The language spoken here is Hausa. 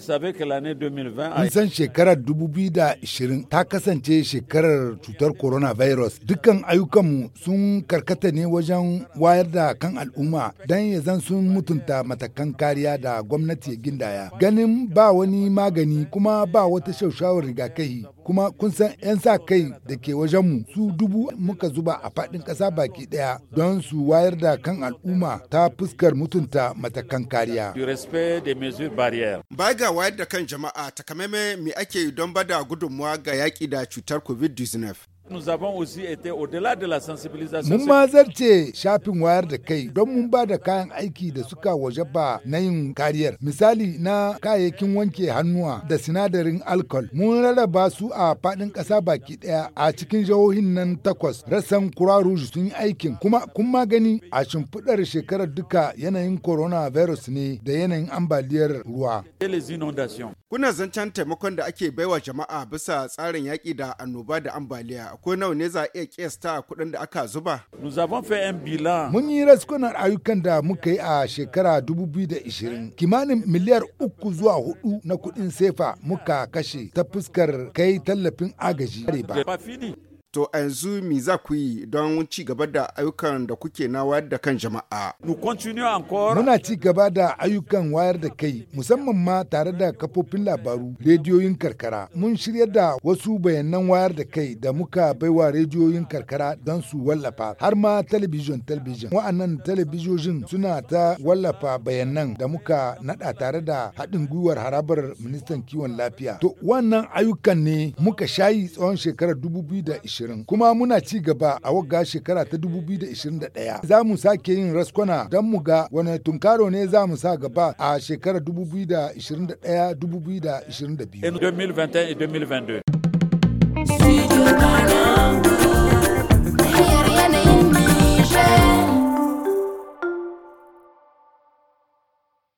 nisan shekarar 2020 ta kasance shekarar cutar coronavirus. Dukkan ayyukanmu sun karkata ne wajen wayar da kan al'umma don ya zan sun mutunta matakan kariya da gwamnati ya gindaya. Ganin ba wani magani kuma ba wata shaushawar rigakafi kuma kun san 'yan sa kai da ke wajenmu su dubu muka zuba a faɗin ƙasa baki ɗaya don su wayar da kan al'umma ta fuskar mutunta matakan kariya. bai ga wayar da kan jama'a takamaimai me ake don bada gudunmuwa ga yaƙi da cutar COVID-19. Mun ma zarce shafin wayar da kai don mun ba da kayan aiki da suka waje ba na yin kariyar. Misali na kayayyakin wanke hannuwa da sinadarin alkol. Mun rarraba su a faɗin ƙasa baki ɗaya a cikin jihohin nan takwas. Rassan Kura Rouge sun yi aikin kuma kun ma gani a shimfiɗar shekarar duka yanayin coronavirus ne da yanayin ambaliyar ruwa. Kuna zancen taimakon da ake baiwa jama'a bisa tsarin yaƙi da annoba da ambaliya ko nawa ne za a iya kiyasta kuɗin da aka zuba? Mun yi raskunan ayyukan da muka yi a shekara 2020 kimanin miliyar uku zuwa hudu na kuɗin sefa muka kashe ta fuskar kai tallafin agaji. To a yanzu mi za ku yi don ci gaba da ayyukan da kuke na wayar da kan jama'a? Muna ci gaba da ayyukan wayar da kai musamman ma tare da kafofin labaru rediyoyin karkara. Mun shirya da wasu bayanan wayar da kai da muka baiwa rediyoyin karkara don su wallafa har ma talabijin talabijin. Wa'annan talabijojin suna ta wallafa bayanan da muka nada tare da haɗin gwiwar harabar ministan kiwon lafiya. To wannan ayyukan ne muka shayi tsawon shekarar 2020 2020 kuma muna ci gaba a wagga shekara ta 2021 za mu sake yin raskwana don mu ga wani tunkaro ne za mu sa gaba a shekarar 2021-2022.